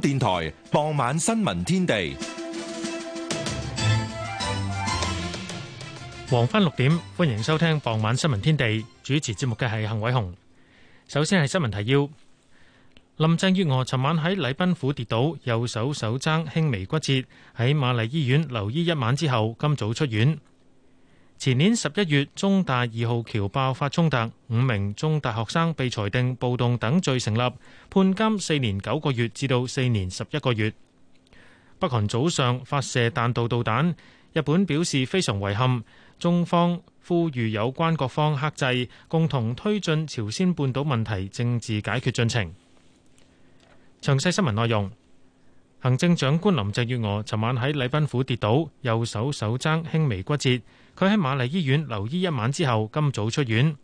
電台傍晚新聞天地，黃昏六點歡迎收聽傍晚新聞天地。主持節目嘅係幸偉雄。首先係新聞提要：林鄭月娥尋晚喺禮賓府跌倒，右手手踭輕微骨折，喺瑪麗醫院留醫一晚之後，今早出院。前年十一月，中大二號橋爆發衝突，五名中大學生被裁定暴動等罪成立，判監四年九個月至到四年十一個月。北韓早上發射彈道導彈，日本表示非常遺憾，中方呼籲有關各方克制，共同推進朝鮮半島問題政治解決進程。詳細新聞內容，行政長官林鄭月娥尋晚喺禮賓府跌倒，右手手踭輕微骨折。佢喺瑪麗醫院留醫一晚之後，今早出院。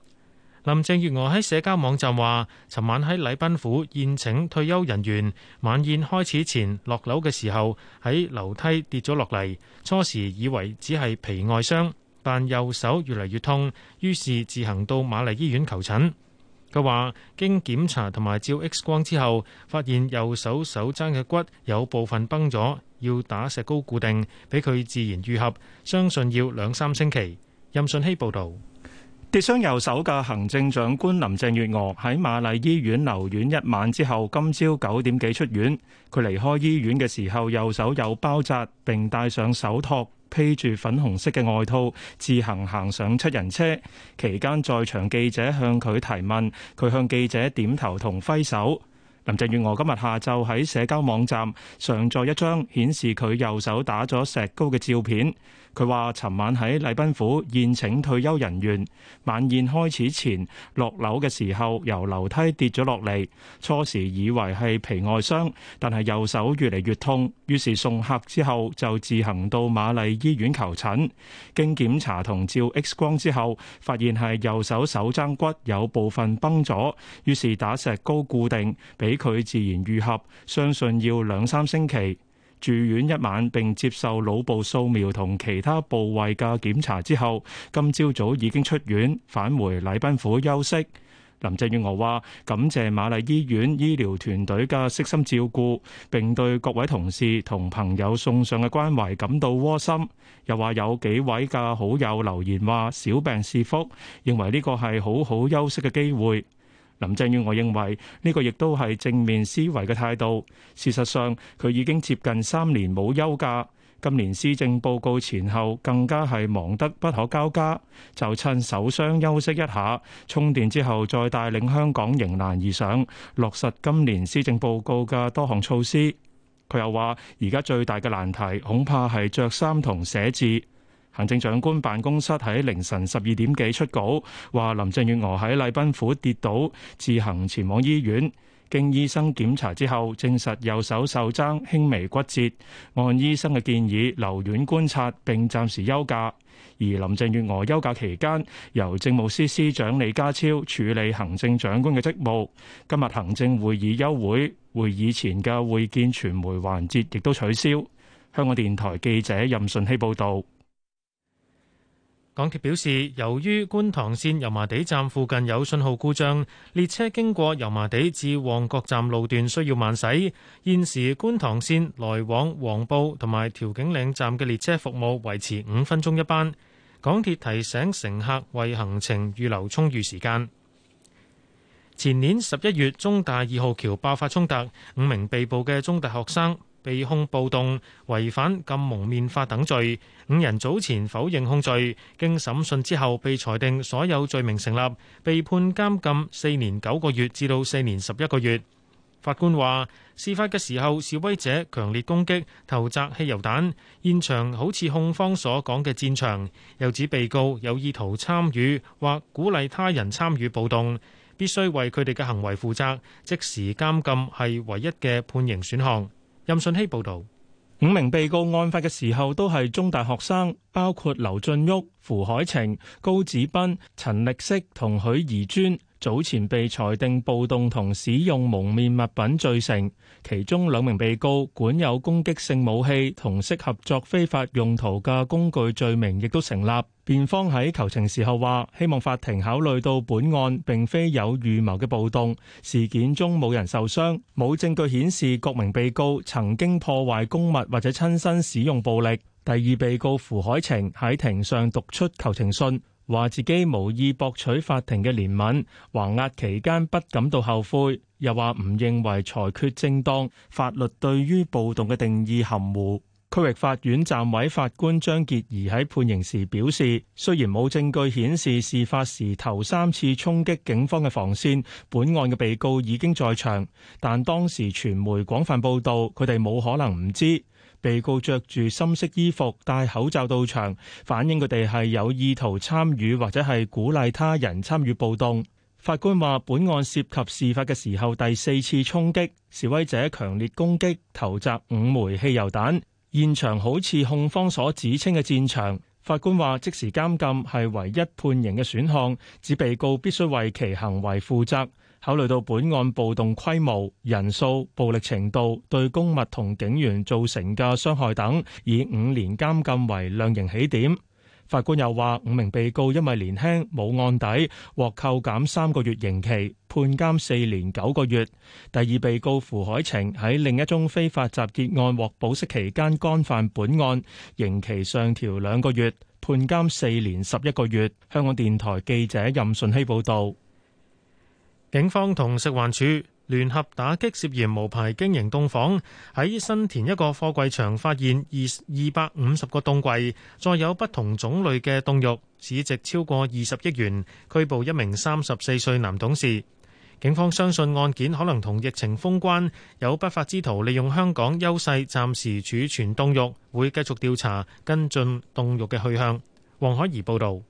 林鄭月娥喺社交網站話，尋晚喺禮賓府宴請退休人員晚宴開始前落樓嘅時候，喺樓梯跌咗落嚟。初時以為只係皮外傷，但右手越嚟越痛，於是自行到瑪麗醫院求診。佢話，經檢查同埋照 X 光之後，發現右手手踭嘅骨有部分崩咗。要打石膏固定，俾佢自然愈合，相信要兩三星期。任信希報導，跌傷右手嘅行政長官林鄭月娥喺瑪麗醫院留院一晚之後，今朝九點幾出院。佢離開醫院嘅時候，右手有包紮，並戴上手托，披住粉紅色嘅外套，自行行上七人車。期間，在場記者向佢提問，佢向記者點頭同揮手。林鄭月娥今日下晝喺社交網站上載一張顯示佢右手打咗石膏嘅照片。佢話，尋晚喺禮賓府宴請退休人員，晚宴開始前落樓嘅時候，由樓梯跌咗落嚟。初時以為係皮外傷，但係右手越嚟越痛，於是送客之後就自行到瑪麗醫院求診。經檢查同照 X 光之後，發現係右手手踭骨有部分崩咗，於是打石膏固定，俾佢自然愈合，相信要兩三星期。住院一晚並接受腦部掃描同其他部位嘅檢查之後，今朝早已經出院，返回禮賓府休息。林鄭月娥話，感謝瑪麗醫院醫療團隊嘅悉心照顧，並對各位同事同朋友送上嘅關懷感到窩心。又話有幾位嘅好友留言話：小病是福，認為呢個係好好休息嘅機會。林鄭月娥認為呢、這個亦都係正面思維嘅態度。事實上，佢已經接近三年冇休假，今年施政報告前後更加係忙得不可交加，就趁受傷休息一下充電之後，再帶領香港迎難而上，落實今年施政報告嘅多項措施。佢又話，而家最大嘅難題恐怕係着衫同寫字。行政長官辦公室喺凌晨十二點幾出稿，話林鄭月娥喺禮賓府跌倒，自行前往醫院。經醫生檢查之後，證實右手受傷輕微骨折，按醫生嘅建議留院觀察，並暫時休假。而林鄭月娥休假期間，由政務司司長李家超處理行政長官嘅職務。今日行政會議休會，會議前嘅會見傳媒環節亦都取消。香港電台記者任順希報道。港鐵表示，由於，觀塘線油麻地站附近有信號故障，列車經過油麻地至旺角站路段需要慢駛。現時觀塘線來往黃埔同埋調景嶺站嘅列車服務維持五分鐘一班。港鐵提醒乘客為行程預留充裕時間。前年十一月，中大二號橋爆發衝突，五名被捕嘅中大學生，被控暴動、違反禁蒙面法等罪，五人早前否認控罪，經審訊之後被裁定所有罪名成立，被判監禁四年九個月至到四年十一個月。法官話，事發嘅時候，示威者強烈攻擊、投擲汽油彈，現場好似控方所講嘅戰場。又指被告有意圖參與或鼓勵他人參與暴動，必須為佢哋嘅行為負責。即時監禁係唯一嘅判刑選項。任信希報道，五名被告案發嘅時候都係中大學生，包括劉俊旭、符海晴、高子斌、陳力色同許宜尊，早前被裁定暴動同使用蒙面物品罪成。其中兩名被告管有攻擊性武器同適合作非法用途嘅工具罪名亦都成立。辯方喺求情時候話，希望法庭考慮到本案並非有預謀嘅暴動，事件中冇人受傷，冇證據顯示各名被告曾經破壞公物或者親身使用暴力。第二被告符海晴喺庭上讀出求情信。話自己無意博取法庭嘅憐憫，橫押期間不感到後悔，又話唔認為裁決正當，法律對於暴動嘅定義含糊。區域法院暫委法官張潔儀喺判刑時表示，雖然冇證據顯示事發時頭三次衝擊警方嘅防線，本案嘅被告已經在場，但當時傳媒廣泛報道，佢哋冇可能唔知。被告着住深色衣服，戴口罩到場，反映佢哋係有意圖參與或者係鼓勵他人參與暴動，法官話本案涉及事發嘅時候第四次衝擊，示威者強烈攻擊，投擲五枚汽油彈，現場好似控方所指稱嘅戰場。法官話即時監禁係唯一判刑嘅選項，指被告必須為其行為負責。考慮到本案暴動規模、人數、暴力程度、對公物同警員造成嘅傷害等，以五年監禁為量刑起點。法官又話五名被告因為年輕冇案底，獲扣減三個月刑期，判監四年九個月。第二被告符海晴喺另一宗非法集結案獲保釋期間干犯本案，刑期上調兩個月，判監四年十一個月。香港電台記者任順希報道。警方同食環署聯合打擊涉嫌無牌經營凍房，喺新田一個貨櫃場發現二二百五十個凍櫃，再有不同種類嘅凍肉，市值超過二十億元，拘捕一名三十四歲男董事。警方相信案件可能同疫情封關有不法之徒利用香港優勢暫時儲存凍肉，會繼續調查跟進凍肉嘅去向。黃海怡報道。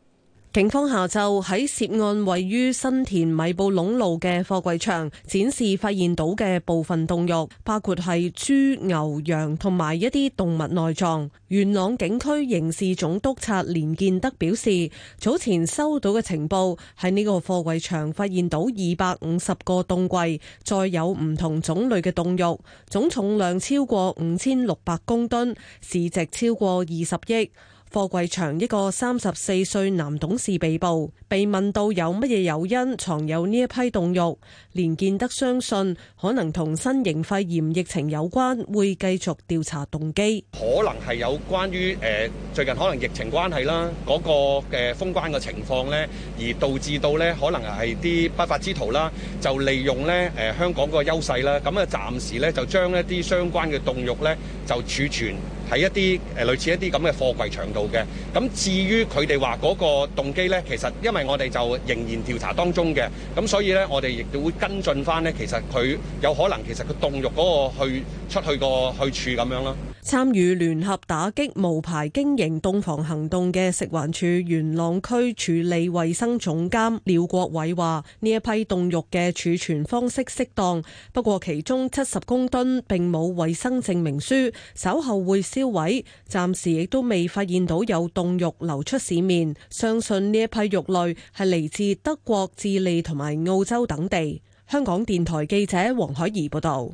警方下晝喺涉案位於新田米布壟路嘅貨櫃場展示發現到嘅部分凍肉，包括係豬、牛、羊同埋一啲動物內臟。元朗警區刑事總督察連建德表示，早前收到嘅情報喺呢個貨櫃場發現到二百五十個凍櫃，再有唔同種類嘅凍肉，總重量超過五千六百公噸，市值超過二十億。貨櫃場一個三十四歲男董事被捕，被問到有乜嘢誘因藏有呢一批凍肉，連建德相信可能同新型肺炎疫情有關，會繼續調查動機。可能係有關於誒、呃、最近可能疫情關係啦，嗰、那個嘅封關嘅情況呢，而導致到呢可能係啲不法之徒啦，就利用呢誒、呃、香港嗰個優勢啦，咁啊暫時呢，就將一啲相關嘅凍肉呢，就儲存。喺一啲誒、呃、類似一啲咁嘅貨櫃場度嘅，咁至於佢哋話嗰個動機呢，其實因為我哋就仍然調查當中嘅，咁所以呢，我哋亦都會跟進翻呢。其實佢有可能其實佢凍肉嗰個去出去個去處咁樣啦。參與聯合打擊無牌經營凍房行動嘅食環署元朗區處理衛生總監廖國偉話：呢一批凍肉嘅儲存方式適當，不過其中七十公噸並冇衛生證明書，稍後會燒毀。暫時亦都未發現到有凍肉流出市面，相信呢一批肉類係嚟自德國、智利同埋澳洲等地。香港電台記者黃海怡報道。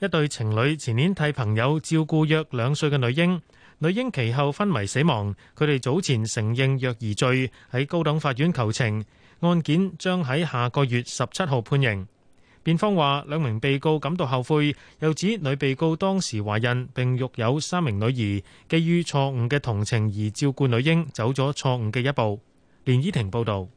一對情侶前年替朋友照顧約兩歲嘅女嬰，女嬰其後昏迷死亡。佢哋早前承認虐兒罪，喺高等法院求情，案件將喺下個月十七號判刑。辯方話兩名被告感到後悔，又指女被告當時懷孕並育有三名女兒，基於錯誤嘅同情而照顧女嬰，走咗錯誤嘅一步。連依婷報道。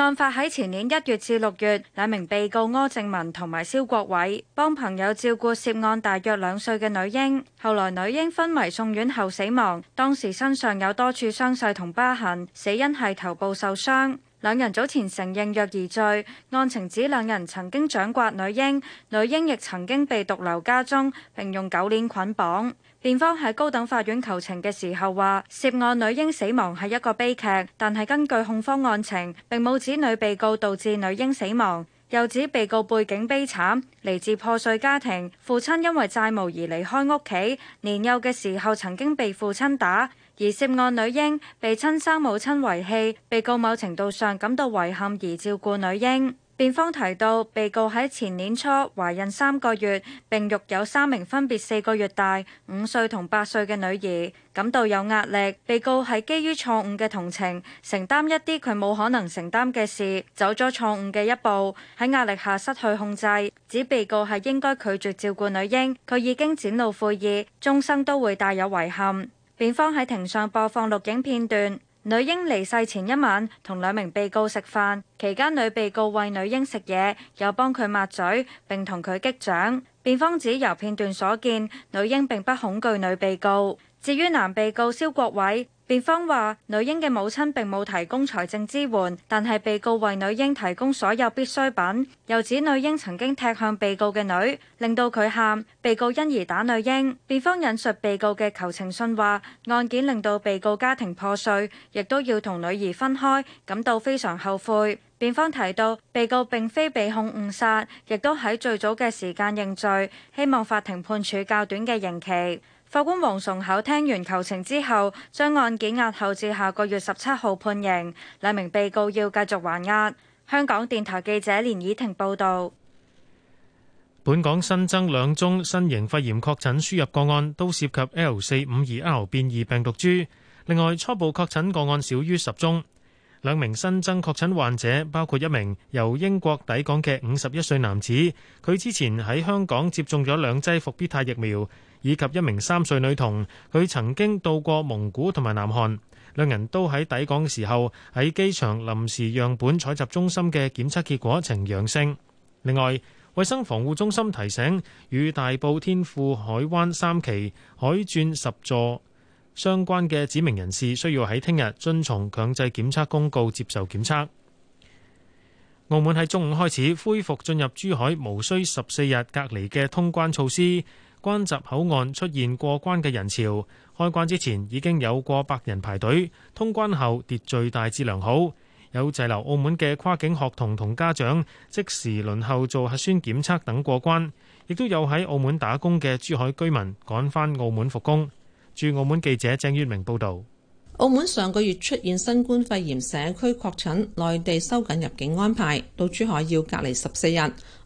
案發喺前年一月至六月，兩名被告柯正文同埋蕭國偉幫朋友照顧涉案大約兩歲嘅女嬰，後來女嬰昏迷送院後死亡，當時身上有多處傷勢同疤痕，死因係頭部受傷。兩人早前承認虐兒罪，案情指兩人曾經掌摑女嬰，女嬰亦曾經被獨留家中，並用狗鏈捆綁。辯方喺高等法院求情嘅時候話，涉案女嬰死亡係一個悲劇，但係根據控方案情，並冇指女被告導致女嬰死亡，又指被告背景悲慘，嚟自破碎家庭，父親因為債務而離開屋企，年幼嘅時候曾經被父親打，而涉案女嬰被親生母親遺棄，被告某程度上感到遺憾而照顧女嬰。辯方提到，被告喺前年初懷孕三個月，并育有三名分別四個月大、五歲同八歲嘅女兒，感到有壓力。被告係基於錯誤嘅同情，承擔一啲佢冇可能承擔嘅事，走咗錯誤嘅一步，喺壓力下失去控制。指被告係應該拒絕照顧女嬰，佢已經展露悔意，終生都會帶有遺憾。辯方喺庭上播放錄影片段。女嬰離世前一晚同兩名被告食飯，期間女被告餵女嬰食嘢，又幫佢抹嘴，並同佢擊掌。辯方指由片段所見，女嬰並不恐懼女被告。至於男被告肖國偉，辯方話女嬰嘅母親並冇提供財政支援，但係被告為女嬰提供所有必需品。又指女嬰曾經踢向被告嘅女，令到佢喊，被告因而打女嬰。辯方引述被告嘅求情信話，案件令到被告家庭破碎，亦都要同女兒分開，感到非常後悔。辯方提到被告並非被控誤殺，亦都喺最早嘅時間認罪，希望法庭判處較短嘅刑期。法官王崇巧聽完求情之後，將案件押後至下個月十七號判刑。兩名被告要繼續還押。香港電台記者連以婷報道。本港新增兩宗新型肺炎確診輸入個案，都涉及 L 四五二 R 變異病毒株。另外，初步確診個案少於十宗。兩名新增確診患者包括一名由英國抵港嘅五十一歲男子，佢之前喺香港接種咗兩劑復必泰疫苗。以及一名三歲女童，佢曾經到過蒙古同埋南韓，兩人都喺抵港嘅時候喺機場臨時樣本採集中心嘅檢測結果呈陽性。另外，衛生防護中心提醒與大埔天賦海灣三期海鑽十座相關嘅指明人士，需要喺聽日遵從強制檢測公告接受檢測。澳門喺中午開始恢復進入珠海無需十四日隔離嘅通關措施。關閘口岸出現過關嘅人潮，開關之前已經有過百人排隊，通關後秩序大致良好。有滯留澳門嘅跨境學童同家長，即時輪候做核酸檢測等過關，亦都有喺澳門打工嘅珠海居民趕返澳門復工。駐澳門記者鄭月明報道。澳門上個月出現新冠肺炎社區確診，內地收緊入境安排，到珠海要隔離十四日。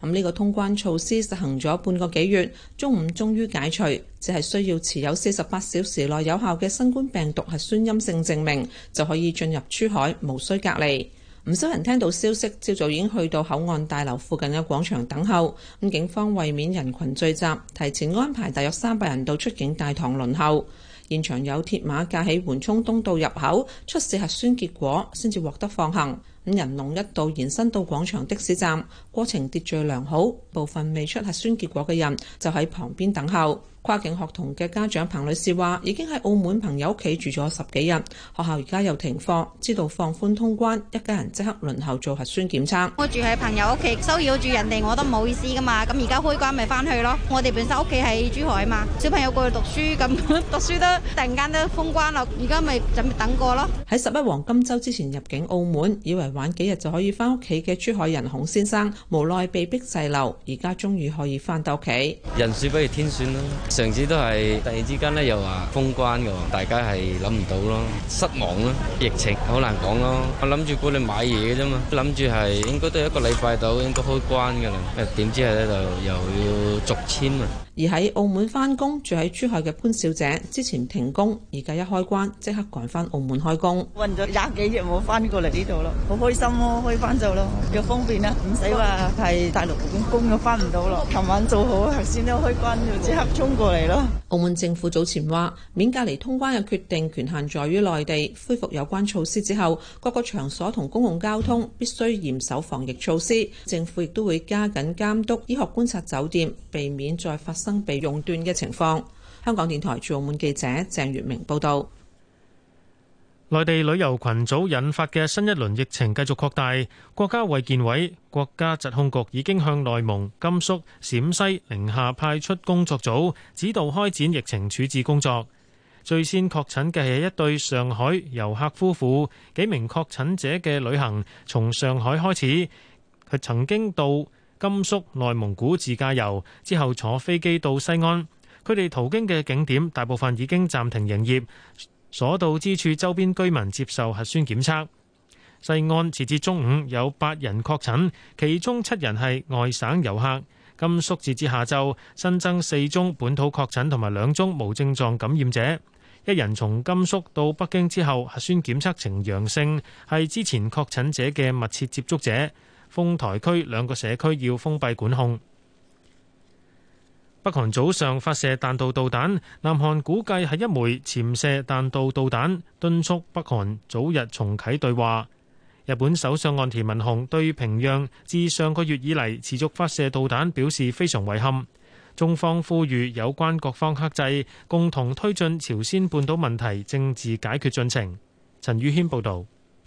咁呢個通關措施實行咗半個幾月，中午終於解除，只係需要持有四十八小時內有效嘅新冠病毒核酸陰性證明，就可以進入珠海，無需隔離。唔少人聽到消息，朝早已經去到口岸大樓附近嘅廣場等候。咁警方為免人群聚集，提前安排大約三百人到出境大堂輪候。現場有鐵馬架起緩衝通道入口，出示核酸結果，先至獲得放行。咁人龍一度延伸到廣場的士站，過程秩序良好。部分未出核酸結果嘅人就喺旁邊等候。跨境學童嘅家長彭女士話，已經喺澳門朋友屋企住咗十幾日，學校而家又停課，知道放寬通關，一家人即刻輪候做核酸檢測。我住喺朋友屋企，騷擾住人哋，我都唔好意思㗎嘛。咁而家開關咪返去咯。我哋本身屋企喺珠海嘛，小朋友過去讀書，咁讀書都突然間都封關啦。而家咪準備等過咯。喺十一黃金周之前入境澳門，以為，玩幾日就可以翻屋企嘅珠海人孔先生，無奈被逼滯留，而家終於可以翻到屋企。人算不如天算咯，上次都係突然之間咧又話封關嘅喎，大家係諗唔到咯，失望咯，疫情好難講咯。我諗住過嚟買嘢嘅啫嘛，諗住係應該都一個禮拜到應該開關嘅啦，點知咧就又要續簽啊。而喺澳門翻工住喺珠海嘅潘小姐，之前停工，而家一開關即刻趕翻澳門開工，運咗廿幾日冇翻過嚟呢度咯。開心咯、啊，可以翻就咯，又方便啦、啊，唔使話係大陸咁工又翻唔到咯。琴晚做好，頭先都開關，就即刻衝過嚟咯。澳門政府早前話免隔離通關嘅決定權限在於內地，恢復有關措施之後，各個場所同公共交通必須嚴守防疫措施。政府亦都會加緊監督醫學觀察酒店，避免再發生被用斷嘅情況。香港電台駐澳門記者鄭月明報道。內地旅遊群組引發嘅新一輪疫情繼續擴大，國家衛健委、國家疾控局已經向內蒙、甘肅、陝西、寧夏派出工作組指導開展疫情處置工作。最先確診嘅係一對上海遊客夫婦，幾名確診者嘅旅行從上海開始，佢曾經到甘肅內蒙古自駕遊，之後坐飛機到西安。佢哋途經嘅景點大部分已經暫停營業。所到之處，周邊居民接受核酸檢測。西安截至中午有八人確診，其中七人係外省遊客。甘肅截至下晝新增四宗本土確診同埋兩宗無症狀感染者，一人從甘肅到北京之後核酸檢測呈陽性，係之前確診者嘅密切接觸者。豐台區兩個社區要封閉管控。北韓早上發射彈道導彈，南韓估計係一枚潛射彈道導彈，敦促北韓早日重啟對話。日本首相岸田文雄對平壤自上個月以嚟持續發射導彈表示非常遺憾。中方呼籲有關各方克制，共同推進朝鮮半島問題政治解決進程。陳宇軒報導。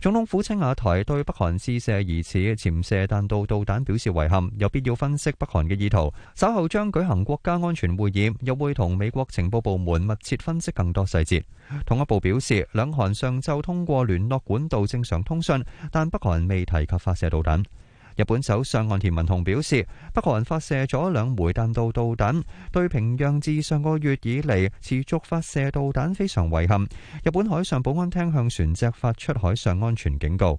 總統府青瓦台對北韓試射疑似潛射彈道導彈表示遺憾，有必要分析北韓嘅意圖。稍後將舉行國家安全會議，又會同美國情報部門密切分析更多細節。統一部表示，兩韓上晝通過聯絡管道正常通訊，但北韓未提及發射導彈。日本首相岸田文雄表示，北韓發射咗兩枚彈道導彈，對平壤自上個月以嚟持續發射導彈非常遺憾。日本海上保安廳向船隻發出海上安全警告。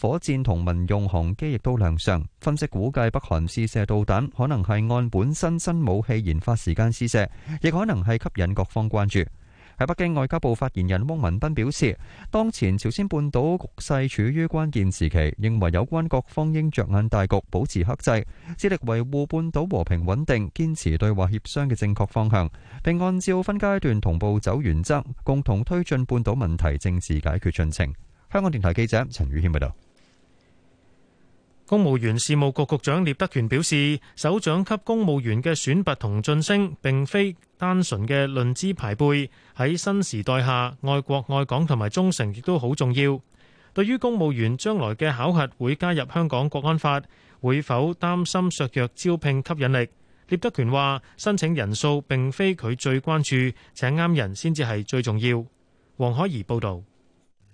火箭同民用航機亦都亮相。分析估計，北韓試射導彈可能係按本身新武器研發時間試射，亦可能係吸引各方關注。喺北京外交部發言人汪文斌表示，當前朝鮮半島局勢處於關鍵時期，認為有關各方應着眼大局，保持克制，致力維護半島和平穩定，堅持對話協商嘅正確方向，並按照分階段同步走原則，共同推進半島問題政治解決進程。香港電台記者陳宇軒報道。公務員事務局局長聶德權表示，首長級公務員嘅選拔同晉升，並非單純嘅論資排輩。喺新時代下，愛國愛港同埋忠誠亦都好重要。對於公務員將來嘅考核會加入香港國安法，會否擔心削弱招聘吸引力？聶德權話：申請人數並非佢最關注，請啱人先至係最重要。黃海怡報道。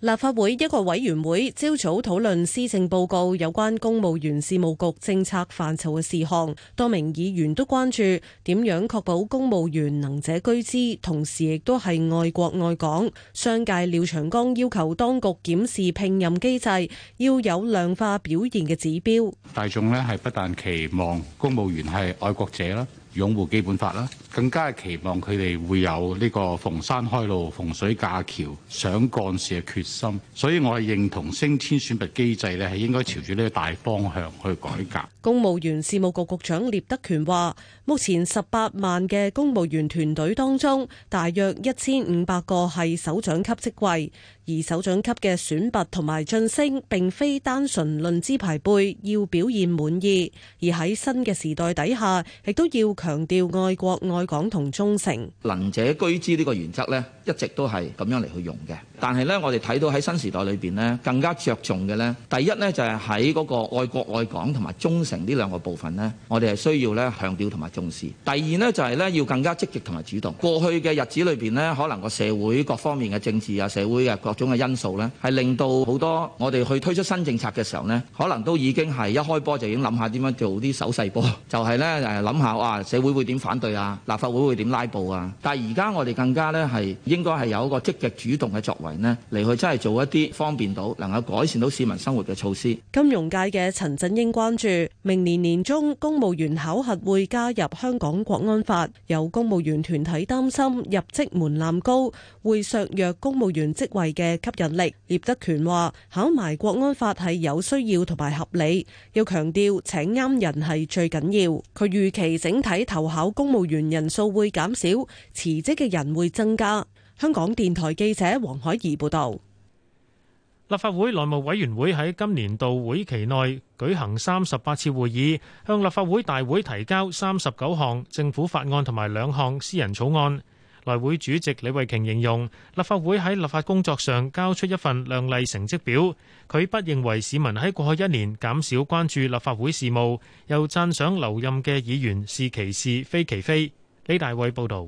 立法會一個委員會朝早討論施政報告有關公務員事務局政策範疇嘅事項，多名議員都關注點樣確保公務員能者居之，同時亦都係愛國愛港。商界廖長江要求當局檢視聘任機制，要有量化表現嘅指標。大眾呢係不但期望公務員係愛國者啦，擁護基本法啦，更加係期望佢哋會有呢個逢山開路、逢水架橋、想幹事嘅決心，所以我係認同升遷選拔機制咧係應該朝住呢個大方向去改革。公務員事務局局，局長聶德權話：目前十八萬嘅公務員團隊當中，大約一千五百個係首長級職位，而首長級嘅選拔同埋晉升並非單純論資排輩，要表現滿意，而喺新嘅時代底下，亦都要強調愛國愛港同忠誠，能者居之呢個原則呢，一直都係咁樣嚟去用嘅。但係呢，我哋睇到喺新時代裏邊呢，更加着重嘅呢第一呢，就係喺嗰個愛國愛港同埋忠誠呢兩個部分呢，我哋係需要呢強調同埋重視。第二呢，就係呢要更加積極同埋主動。過去嘅日子裏邊呢，可能個社會各方面嘅政治啊、社會啊各種嘅因素呢，係令到好多我哋去推出新政策嘅時候呢，可能都已經係一開波就已經諗下點樣做啲手勢波，就係呢誒諗下哇～社會會點反對啊？立法會會點拉布啊？但係而家我哋更加呢，係應該係有一個積極主動嘅作為呢嚟去真係做一啲方便到、能夠改善到市民生活嘅措施。金融界嘅陳振英關注明年年中公務員考核會加入香港國安法，有公務員團體擔心入職門檻高會削弱公務員職位嘅吸引力。葉德權話：考埋國安法係有需要同埋合理，要強調請啱人係最緊要。佢預期整體喺投考公務員人數會減少，辭職嘅人會增加。香港電台記者黃海怡報道，立法會內務委員會喺今年度會期內舉行三十八次會議，向立法會大會提交三十九項政府法案同埋兩項私人草案。內會主席李慧瓊形容立法會喺立法工作上交出一份亮麗成績表，佢不認為市民喺過去一年減少關注立法會事務，又贊賞留任嘅議員是其是非其非。李大衛報道。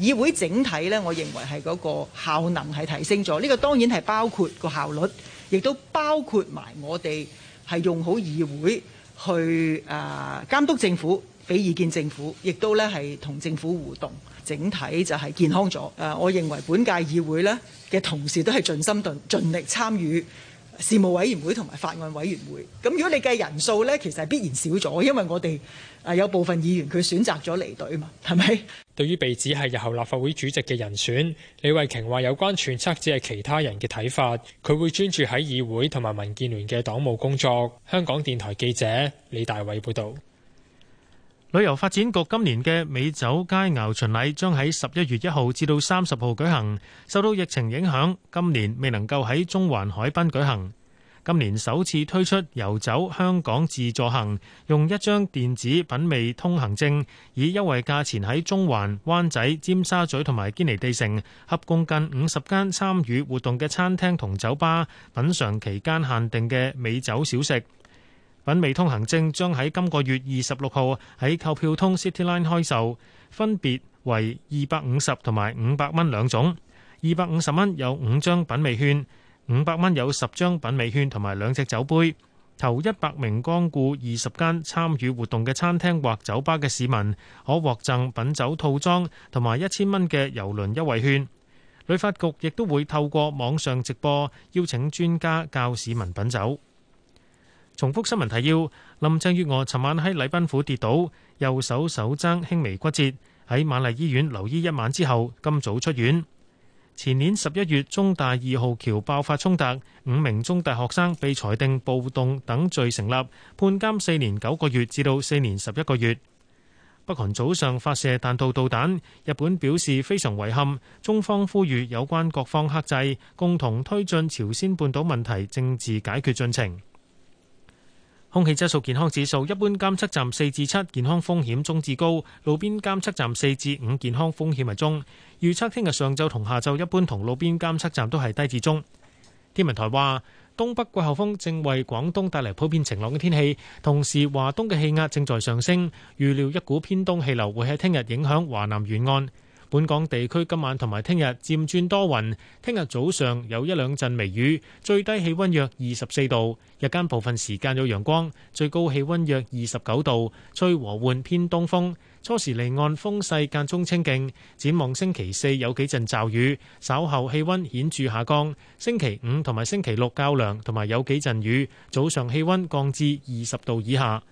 議會整體呢，我認為係嗰個效能係提升咗。呢個當然係包括個效率，亦都包括埋我哋係用好議會去誒監督政府、俾意見政府，亦都呢係同政府互動。整體就係健康咗。誒，我認為本屆議會呢嘅同事都係盡心盡盡力參與。事務委員會同埋法案委員會，咁如果你計人數呢，其實係必然少咗，因為我哋誒有部分議員佢選擇咗離隊嘛，係咪？對於被指係日後立法會主席嘅人選，李慧瓊話有關揣測只係其他人嘅睇法，佢會專注喺議會同埋民建聯嘅黨務工作。香港電台記者李大偉報導。旅遊發展局今年嘅美酒佳肴巡禮將喺十一月一號至到三十號舉行，受到疫情影響，今年未能夠喺中環海濱舉行。今年首次推出遊走香港自助行，用一張電子品味通行證，以優惠價錢喺中環、灣仔、尖沙咀同埋堅尼地城，合共近五十間參與活動嘅餐廳同酒吧，品嘗期間限定嘅美酒小食。品味通行證將喺今個月二十六號喺購票通 Cityline 開售，分別為二百五十同埋五百蚊兩種。二百五十蚊有五張品味券，五百蚊有十張品味券同埋兩隻酒杯。頭一百名光顧二十間參與活動嘅餐廳或酒吧嘅市民，可獲贈品酒套裝同埋一千蚊嘅郵輪優惠券。旅發局亦都會透過網上直播，邀請專家教市民品酒。重複新聞提要：林鄭月娥尋晚喺禮賓府跌倒，右手手踭輕微骨折，喺瑪麗醫院留醫一晚之後，今早出院。前年十一月中大二號橋爆發衝突，五名中大學生被裁定暴動等罪成立，判監四年九個月至到四年十一個月。北韓早上發射彈道導彈，日本表示非常遺憾，中方呼籲有關各方克制，共同推進朝鮮半島問題政治解決進程。空氣質素健康指數一般監測站四至七，健康風險中至高；路邊監測站四至五，健康風險係中。預測聽日上晝同下晝一般同路邊監測站都係低至中。天文台話，東北季候風正為廣東帶嚟普遍晴朗嘅天氣，同時華東嘅氣壓正在上升，預料一股偏東氣流會喺聽日影響華南沿岸。本港地區今晚同埋聽日漸轉多雲，聽日早上有一兩陣微雨，最低氣溫約二十四度。日間部分時間有陽光，最高氣溫約二十九度，吹和緩偏東風。初時離岸風勢間中清勁，展望星期四有幾陣驟雨，稍後氣溫顯著下降。星期五同埋星期六較涼，同埋有幾陣雨，早上氣溫降至二十度以下。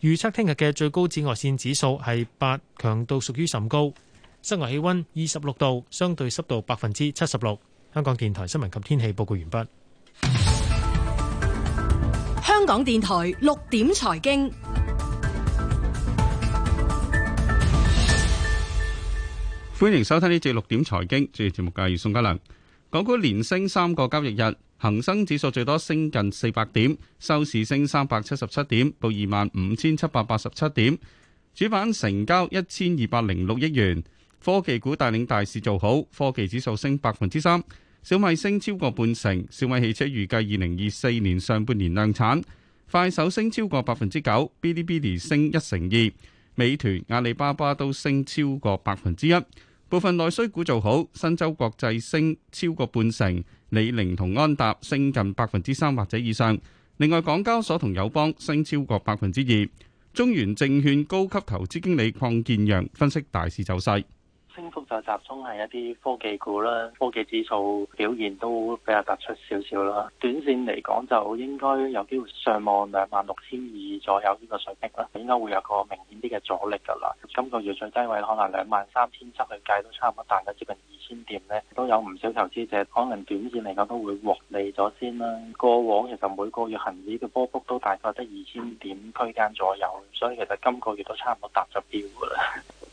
預測聽日嘅最高紫外線指數係八，強度屬於甚高。室外氣溫二十六度，相對濕度百分之七十六。香港電台新聞及天氣報告完畢。香港電台六點財經，歡迎收聽呢節六點財經，主持節目嘅係宋嘉良。港股連升三個交易日，恒生指數最多升近四百點，收市升三百七十七點，到二萬五千七百八十七點，主板成交一千二百零六億元。科技股帶領大市做好，科技指數升百分之三，小米升超過半成，小米汽車預計二零二四年上半年量產，快手升超過百分之九，嗶哩嗶哩升一成二，美團、阿里巴巴都升超過百分之一。部分內需股做好，新洲國際升超過半成，李寧同安踏升近百分之三或者以上。另外，港交所同友邦升超過百分之二。中原證券高級投資經理鄺建陽分析大市走勢。升幅就集中係一啲科技股啦，科技指數表現都比較突出少少啦。短線嚟講就應該有機會上望兩萬六千二左右呢個水平啦，應該會有個明顯啲嘅阻力噶啦。今個月最低位可能兩萬三千七去計都差唔多，大概接近二千點咧，都有唔少投資者可能短線嚟講都會獲利咗先啦。過往其實每個月恒指嘅波幅都大概得二千點區間左右，所以其實今個月都差唔多達咗標噶啦。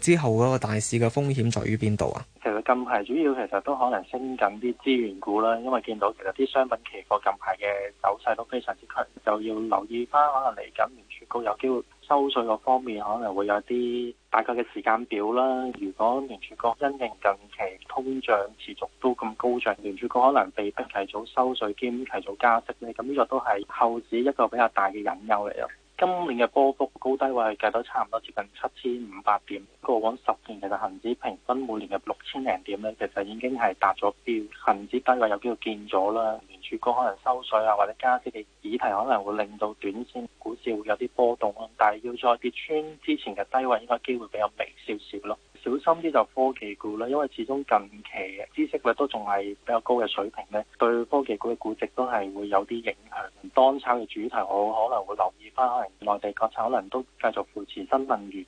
之後嗰個大市嘅風險。屬於邊度啊？其實近排主要其實都可能升緊啲資源股啦，因為見到其實啲商品期貨近排嘅走勢都非常之強，就要留意翻可能嚟緊聯儲局有機會收稅嗰方面可能會有啲大概嘅時間表啦。如果聯儲局因應近期通脹持續都咁高漲，聯儲局可能被逼提早收稅兼提早加息咧，咁呢個都係後市一個比較大嘅隱憂嚟嘅。今年嘅波幅高低位係計到差唔多接近七千五百點，過往十年其實恒指平均每年嘅六千零點咧，其實已經係達咗標，恒指低位有機會見咗啦。聯儲局可能收水啊，或者加息嘅議題可能會令到短線股市會有啲波動，但係要再跌穿之前嘅低位，應該機會比較微少少咯。小心啲就科技股啦，因為始終近期嘅知識率都仲係比較高嘅水平咧，對科技股嘅估值都係會有啲影響。當炒嘅主題，我可能會留意翻，可能內地國產可能都繼續扶持新能源。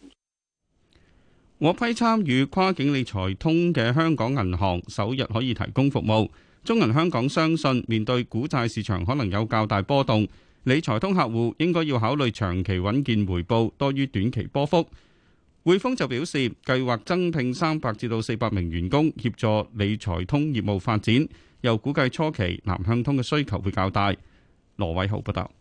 獲批參與跨境理財通嘅香港銀行首日可以提供服務。中銀香港相信面對股債市場可能有較大波動，理財通客戶應該要考慮長期穩健回報多於短期波幅。匯豐就表示，計劃增聘三百至到四百名員工協助理財通業務發展，又估計初期南向通嘅需求會較大。羅偉豪報道。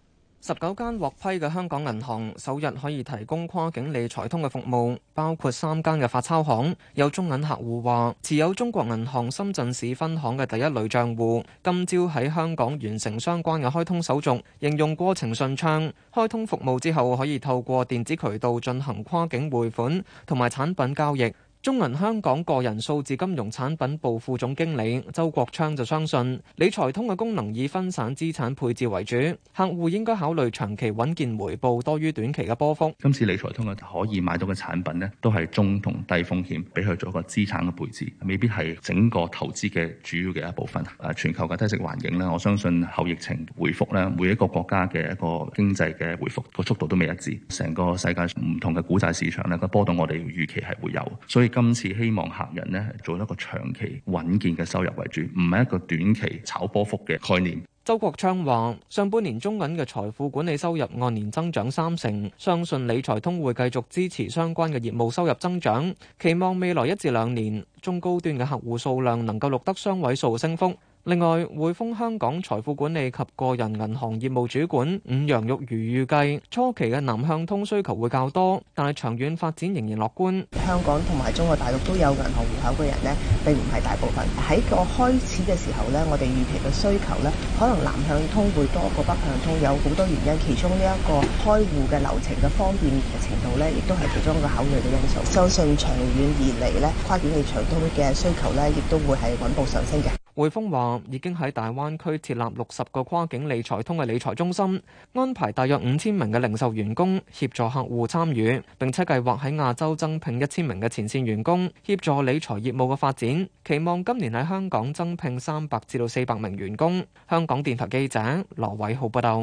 十九間獲批嘅香港銀行首日可以提供跨境理財通嘅服務，包括三間嘅發鈔行。有中銀客戶話，持有中國銀行深圳市分行嘅第一類賬戶，今朝喺香港完成相關嘅開通手續，應用過程順暢。開通服務之後，可以透過電子渠道進行跨境匯款同埋產品交易。中銀香港個人數字金融產品部副總經理周國昌就相信理財通嘅功能以分散資產配置為主，客戶應該考慮長期穩健回報多於短期嘅波幅。今次理財通嘅可以買到嘅產品咧，都係中同低風險，俾佢做一個資產嘅配置，未必係整個投資嘅主要嘅一部分。誒，全球嘅低息環境咧，我相信後疫情回復咧，每一個國家嘅一個經濟嘅回復個速度都未一致，成個世界唔同嘅股債市場呢個波動，我哋預期係會有，所以。今次希望客人咧做一個長期穩健嘅收入為主，唔係一個短期炒波幅嘅概念。周國昌話：上半年中銀嘅財富管理收入按年增長三成，相信理財通會繼續支持相關嘅業務收入增長，期望未來一至兩年，中高端嘅客戶數量能夠錄得雙位數升幅。另外，匯豐香港財富管理及個人銀行業務主管伍楊玉如預計初期嘅南向通需求會較多，但係長遠發展仍然樂觀。香港同埋中國大陸都有銀行戶口嘅人呢，並唔係大部分。喺個開始嘅時候呢，我哋預期嘅需求呢，可能南向通會多過北向通，有好多原因，其中呢一個開戶嘅流程嘅方便嘅程度呢，亦都係其中一個考慮嘅因素。相信長遠而嚟呢，跨境嘅長通嘅需求呢，亦都會係穩步上升嘅。匯豐話已經喺大灣區設立六十個跨境理財通嘅理財中心，安排大約五千名嘅零售員、員工協助客戶參與，並且計劃喺亞洲增聘一千名嘅前線員工協助理財業務嘅發展，期望今年喺香港增聘三百至到四百名員工。香港電台記者羅偉浩報道。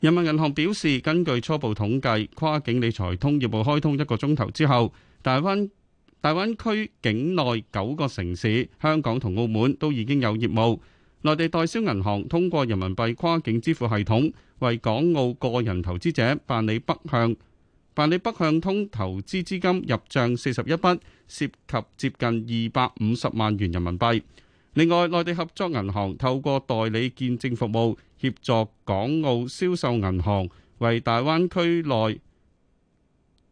人民銀行表示，根據初步統計，跨境理財通業務開通一個鐘頭之後，大灣大灣區境內九個城市，香港同澳門都已經有業務。內地代銷銀行通過人民幣跨境支付系統，為港澳個人投資者辦理北向，辦理北向通投資資金入賬四十一筆，涉及接近二百五十萬元人民幣。另外，內地合作銀行透過代理見證服務，協助港澳銷售銀行為大灣區內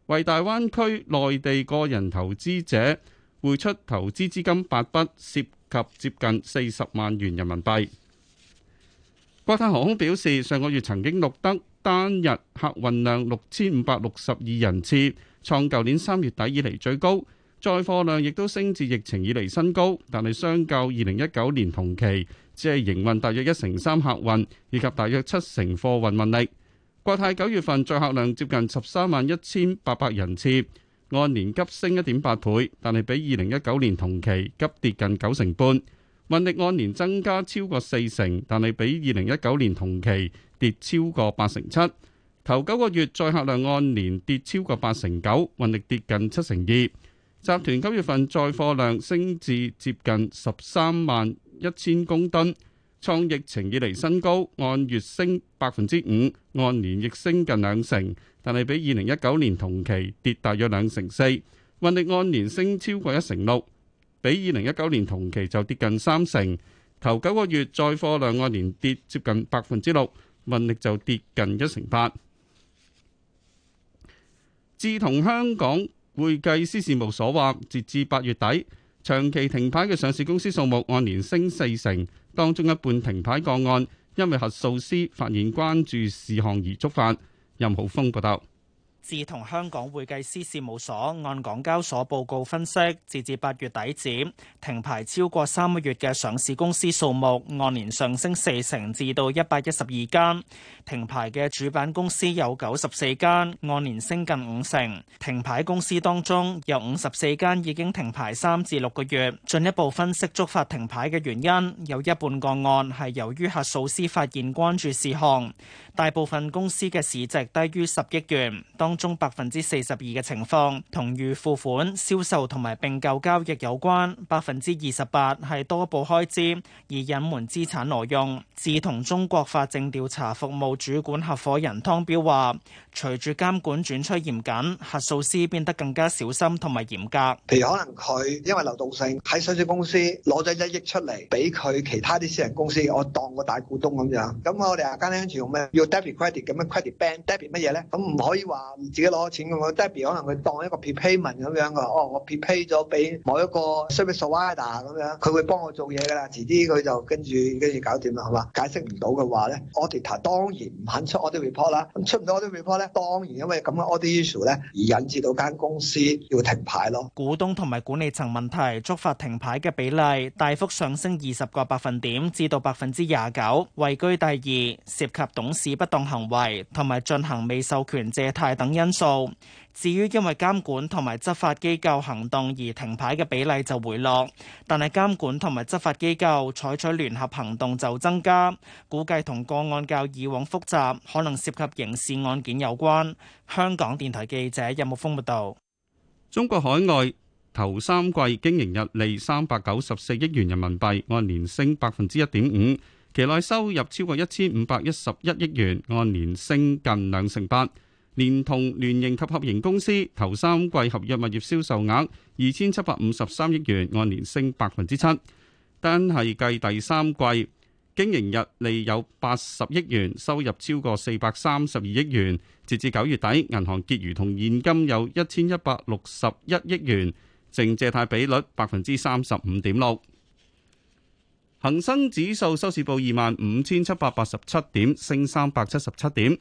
為大灣區內地個人投資者匯出投資資金八筆，涉及接近四十萬元人民幣。國泰航空表示，上個月曾經錄得單日客運量六千五百六十二人次，創舊年三月底以嚟最高；載貨量亦都升至疫情以嚟新高，但係相較二零一九年同期，只係營運大約一成三客運，以及大約七成貨運運力。國泰九月份載客量接近十三萬一千八百人次，按年急升一點八倍，但係比二零一九年同期急跌近九成半。運力按年增加超過四成，但係比二零一九年同期跌超過八成七。頭九個月載客量按年跌超過八成九，運力跌近七成二。集團九月份載貨量升至接近十三萬一千公噸。創疫情以嚟新高，按月升百分之五，按年亦升近兩成，但係比二零一九年同期跌大約兩成四。運力按年升超過一成六，比二零一九年同期就跌近三成。頭九個月載貨量按年跌接近百分之六，運力就跌近一成八。自同香港會計師事務所話，截至八月底，長期停牌嘅上市公司數目按年升四成。當中一半停牌個案，因為核數師發現關注事項而觸發。任浩峰報道。自同香港會計師事務所按港交所報告分析，截至八月底止，停牌超過三個月嘅上市公司數目按年上升四成，至到一百一十二間。停牌嘅主板公司有九十四間，按年升近五成。停牌公司當中有五十四間已經停牌三至六個月。進一步分析觸發停牌嘅原因，有一半個案係由於核數師發現關注事項，大部分公司嘅市值低於十億元。當當中百分之四十二嘅情況同預付款銷售同埋併購交易有關，百分之二十八係多報開支而隱瞞資產挪用。自同中國法證調查服務主管合伙人湯彪話，隨住監管轉趨嚴謹，核數師變得更加小心同埋嚴格。譬如可能佢因為流動性喺上市公司攞咗一億出嚟，俾佢其他啲私人公司，我當個大股東咁樣。咁我哋而家兄住用咩？用 Debit Credit 咁樣 Credit Bank Debit 乜嘢咧？咁唔可以話。自己攞錢嘅話即係可能佢當一個 payment 咁樣嘅，哦，我 pay 咗俾某一個 service provider 咁樣，佢會幫我做嘢嘅啦。遲啲佢就跟住跟住搞掂啦，係嘛？解釋唔到嘅話咧，auditor 當然唔肯出我啲 report 啦。咁出唔到我啲 report 咧，當然因為咁嘅 audit issue 咧，而引致到間公司要停牌咯。股東同埋管理層問題觸發停牌嘅比例大幅上升二十個百分點，至到百分之廿九，位居第二，涉及董事不當行為同埋進行未授權借貸等。因素至於因為監管同埋執法機構行動而停牌嘅比例就回落，但係監管同埋執法機構採取聯合行動就增加，估計同個案較以往複雜，可能涉及刑事案件有關。香港電台記者任木峰報道。中國海外頭三季經營溢利三百九十四億元人民幣，按年升百分之一點五，期內收入超過一千五百一十一億元，按年升近兩成八。同連同聯營及合營公司，頭三季合約物業銷售額二千七百五十三億元，按年升百分之七。單係計第三季經營日利有八十億元，收入超過四百三十二億元。截至九月底，銀行結餘同現金有一千一百六十一億元，淨借貸比率百分之三十五點六。恒生指數收市報二萬五千七百八十七點，升三百七十七點。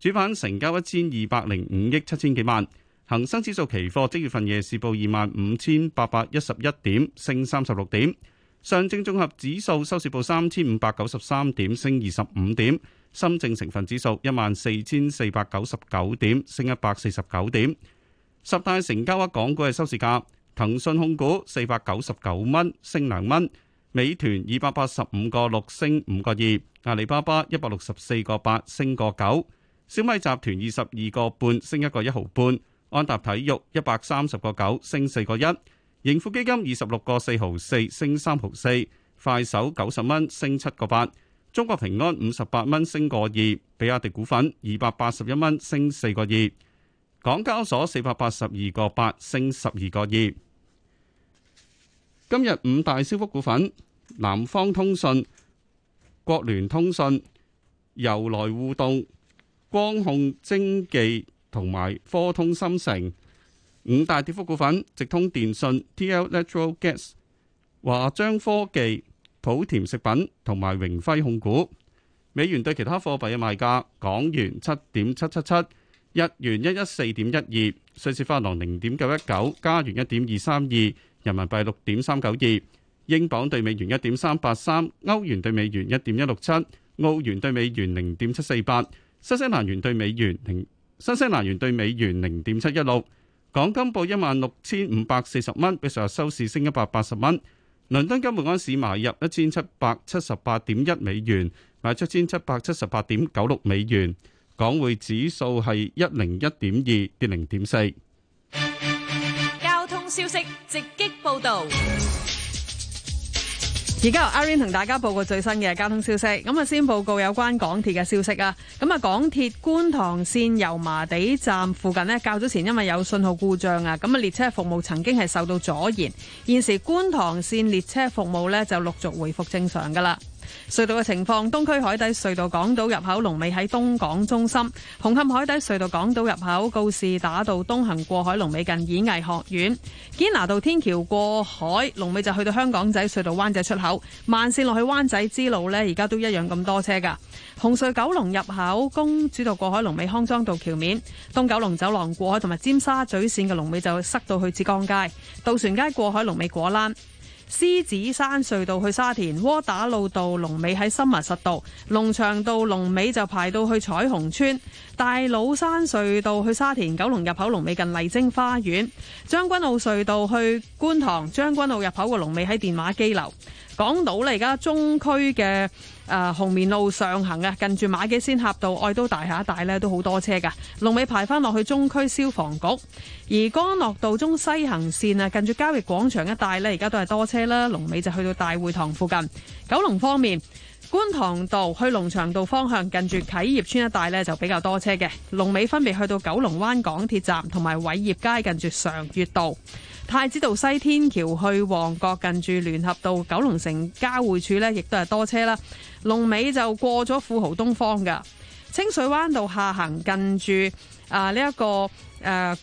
主板成交一千二百零五億七千幾萬，恒生指數期貨即月份夜市報二萬五千八百一十一點，升三十六點。上證綜合指數收市報三千五百九十三點，升二十五點。深證成分指數一萬四千四百九十九點，升一百四十九點。十大成交額港股嘅收市價，騰訊控股四百九十九蚊，升兩蚊；美團二百八十五個六，升五個二；阿里巴巴一百六十四個八，升個九。小米集團二十二個半升一個一毫半，安踏體育一百三十個九升四個一，盈富基金二十六個四毫四升三毫四，快手九十蚊升七個八，中國平安五十八蚊升個二，比亞迪股份二百八十一蚊升四個二，港交所四百八十二個八升十二個二。今日五大升幅股份：南方通訊、國聯通訊、由來互動。光控精技同埋科通芯城五大跌幅股份，直通電訊 （TL Natural Gas）、華章科技、莆田食品同埋榮輝控股。美元對其他貨幣嘅賣價：港元七點七七七，日元一一四點一二，瑞士法郎零點九一九，加元一點二三二，人民幣六點三九二，英鎊對美元一點三八三，歐元對美元一點一六七，澳元對美元零點七四八。新西蘭元對美元零，新西蘭元對美元零點七一六。港金報一萬六千五百四十蚊，比上日收市升一百八十蚊。倫敦金每盎司買入一千七百七十八點一美元，賣出一千七百七十八點九六美元。港匯指數係一零一點二，跌零點四。交通消息直擊報道。而家由 Aaron 同大家報告最新嘅交通消息。咁啊，先報告有關港鐵嘅消息啊。咁啊，港鐵觀塘綫油麻地站附近呢，較早前因為有信號故障啊，咁啊，列車服務曾經係受到阻延。現時觀塘綫列車服務呢，就陸續回復正常噶啦。隧道嘅情況，東區海底隧道港島入口龍尾喺東港中心；紅磡海底隧道港島入口告士打道東行過海龍尾近演藝學院；堅拿道天橋過海龍尾就去到香港仔隧道灣仔出口；慢綫落去灣仔之路呢，而家都一樣咁多車㗎；紅隧九龍入口公主道過海龍尾康莊道橋面；東九龍走廊過海同埋尖沙咀綫嘅龍尾就塞到去浙江街；渡船街過海龍尾果欄。獅子山隧道去沙田，窩打老道龍尾喺森麻實道，龍翔道龍尾就排到去彩虹村，大老山隧道去沙田，九龍入口龍尾近麗晶花園，將軍澳隧道去觀塘，將軍澳入口個龍尾喺電話機樓。港島咧，而家中區嘅誒紅棉路上行啊，近住馬己仙峽道愛都大廈一帶咧，都好多車嘅。龍尾排翻落去中區消防局，而干諾道中西行線啊，近住交易廣場一帶咧，而家都係多車啦。龍尾就去到大會堂附近。九龍方面，觀塘道去龍翔道方向，近住啟業邨一帶咧，就比較多車嘅。龍尾分別去到九龍灣港鐵站同埋偉業街，近住常悅道。太子道西天橋去旺角，近住聯合道九龍城交匯處呢，亦都係多車啦。龍尾就過咗富豪東方噶。清水灣道下行，近住啊呢一、這個誒、啊、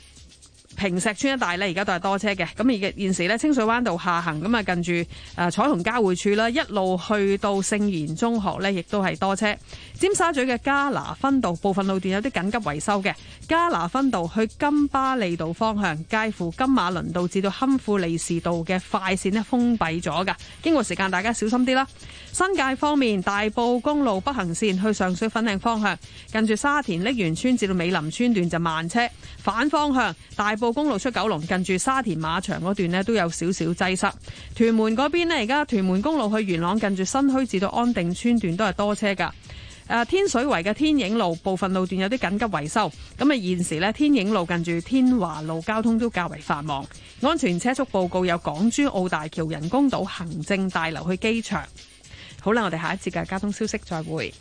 坪石邨一帶呢，而家都係多車嘅。咁而嘅現時咧，清水灣道下行咁啊，近住誒彩虹交匯處啦，一路去到聖言中學呢，亦都係多車。尖沙咀嘅加拿芬道部分路段有啲緊急維修嘅，加拿芬道去金巴利道方向介乎金馬倫道至到堪富利士道嘅快線呢封閉咗噶。經過時間，大家小心啲啦。新界方面，大埔公路北行線去上水粉嶺方向，近住沙田瀝源村至到美林村段就慢車；反方向大埔公路出九龍，近住沙田馬場嗰段呢都有少少擠塞。屯門嗰邊呢，而家屯門公路去元朗近住新墟至到安定村段都係多車噶。誒，天水圍嘅天影路部分路段有啲緊急維修，咁啊現時咧天影路近住天華路，交通都較為繁忙。安全車速報告有港珠澳大橋人工島行政大樓去機場。好啦，我哋下一節嘅交通消息再會。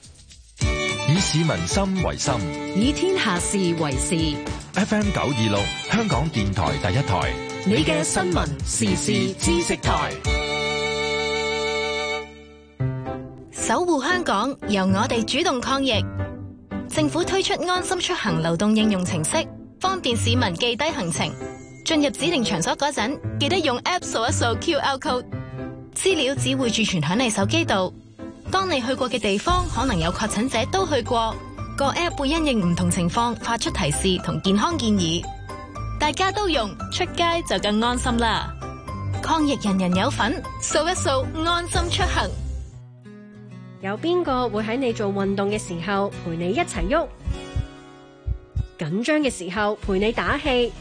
以市民心為心，以天下事為事。F M 九二六，香港電台第一台，你嘅新聞時事知識台。守護香港，由我哋主動抗疫。政府推出安心出行流動應用程式，方便市民記低行程。進入指定場所嗰陣，記得用 App 掃一掃 QR code。資料只會儲存響你手機度。當你去過嘅地方可能有確診者都去過，個 App 會因應唔同情況發出提示同健康建議。大家都用，出街就更安心啦！抗疫人人有份，掃一掃安心出行。有邊個會喺你做運動嘅時候陪你一齊喐？緊張嘅時候陪你打氣，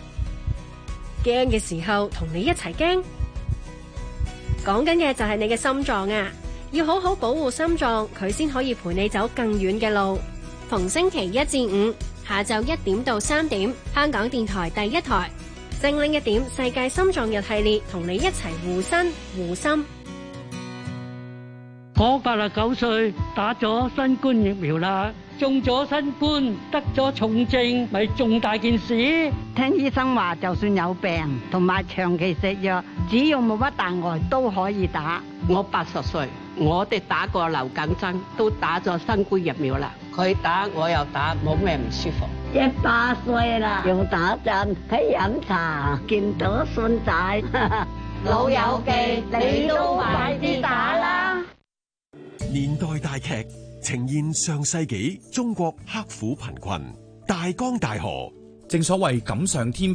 驚嘅時候同你一齊驚。講緊嘅就係你嘅心臟啊！要好好保護心臟，佢先可以陪你走更遠嘅路。逢星期一至五下晝一點到三點，香港電台第一台精靈一點世界心臟日系列，同你一齊護身護心。我八十九歲，打咗新冠疫苗啦，中咗新冠，得咗重症，咪重大件事。聽醫生話，就算有病同埋長期食藥，只要冇乜大礙都可以打。我八十歲，我哋打過流感針，都打咗新冠疫苗啦。佢打我又打，冇咩唔舒服。一百歲啦，用打針，喺飲茶，見到孫仔，老友記，你都快啲打啦！年代大劇呈現上世紀中國刻苦貧困，大江大河，正所謂錦上添。